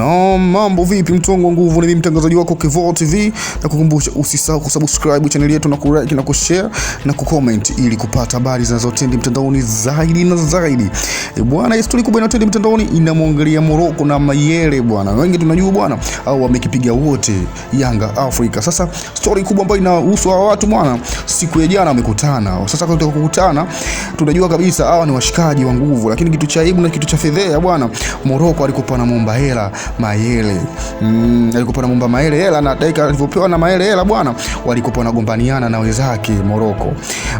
Na mambo vipi, mtongo wa nguvu, ni mimi mtangazaji wako Kevoo TV, na kukumbusha usisahau kusubscribe channel yetu na kulike na kushare na kucomment ili kupata habari zinazotendi mtandaoni zaidi na zaidi. E bwana, story kubwa inayotendi mtandaoni inamwangalia Morocco na Mayele bwana. Wengi tunajua bwana, au wamekipiga wote Yanga Afrika. Sasa story kubwa ambayo inahusu hawa watu bwana, siku ya jana wamekutana. Sasa kwa kukutana, tunajua kabisa hawa ni washikaji wa nguvu, lakini kitu cha aibu na kitu cha fedhea bwana, Morocco na momba hela maele mm, alikuwa na mumba Mayele hela na dakika alivyopewa na maele hela bwana, walikuwa gombaniana na wenzake Moroko.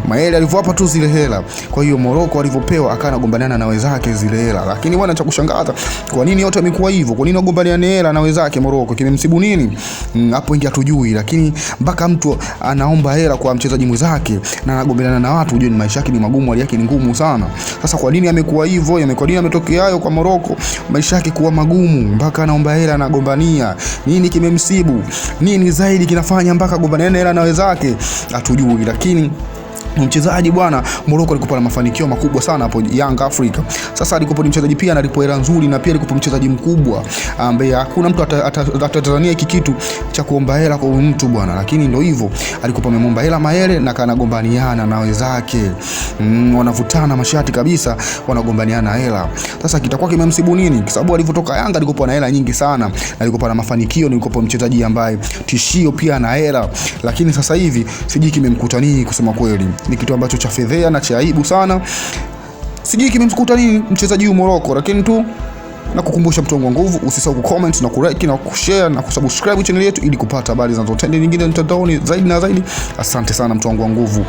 Maele alivyowapa tu zile hela, kwa hiyo Moroko alivyopewa akawa anagombaniana na wenzake zile hela. Lakini bwana, cha kushangaza, kwa nini yote imekuwa hivyo? Kwa nini wagombaniane hela na wenzake Moroko? Kimemsibu nini mm, hapo? Mm, ingi hatujui, lakini mpaka mtu anaomba hela kwa mchezaji mwenzake na anagombaniana na watu, ujue ni maisha yake ni magumu, hali yake ni ngumu sana. Sasa kwa nini amekuwa hivyo? Yamekuwa nini ametokea hayo kwa Moroko, maisha yake kuwa magumu mpaka mpaka anaomba hela, anagombania nini, kimemsibu nini zaidi kinafanya mpaka gombania hela na wenzake, hatujui lakini mchezaji bwana Morocco alikuwa na mafanikio makubwa sana hapo Young Africa. Sasa alikuwa ni mchezaji pia na alikuwa era nzuri na pia alikuwa mchezaji mkubwa ambaye hakuna mtu atatazania hiki kitu cha kuomba hela kwa mtu bwana, lakini ndio hivyo, alikuwa amemomba hela maele na kanagombaniana na wenzake mm, wanavutana mashati kabisa, wanagombaniana hela. Sasa kitakuwa kimemsibu nini? Kwa sababu alivyotoka Yanga alikuwa na hela nyingi sana na alikuwa na mafanikio, ni alikuwa mchezaji ambaye tishio pia na hela, lakini sasa hivi sijui kimemkuta nini kusema kweli ni kitu ambacho cha fedhea na cha aibu sana. Sijui kimemkuta nini mchezaji huyu Morocco, lakini tu na kukumbusha mtongo wa nguvu, usisahau kucomment na kulike na kushare na kusubscribe channel yetu ili kupata habari zinazotendi nyingine mtandaoni zaidi na zaidi. Asante sana mtongo wa nguvu.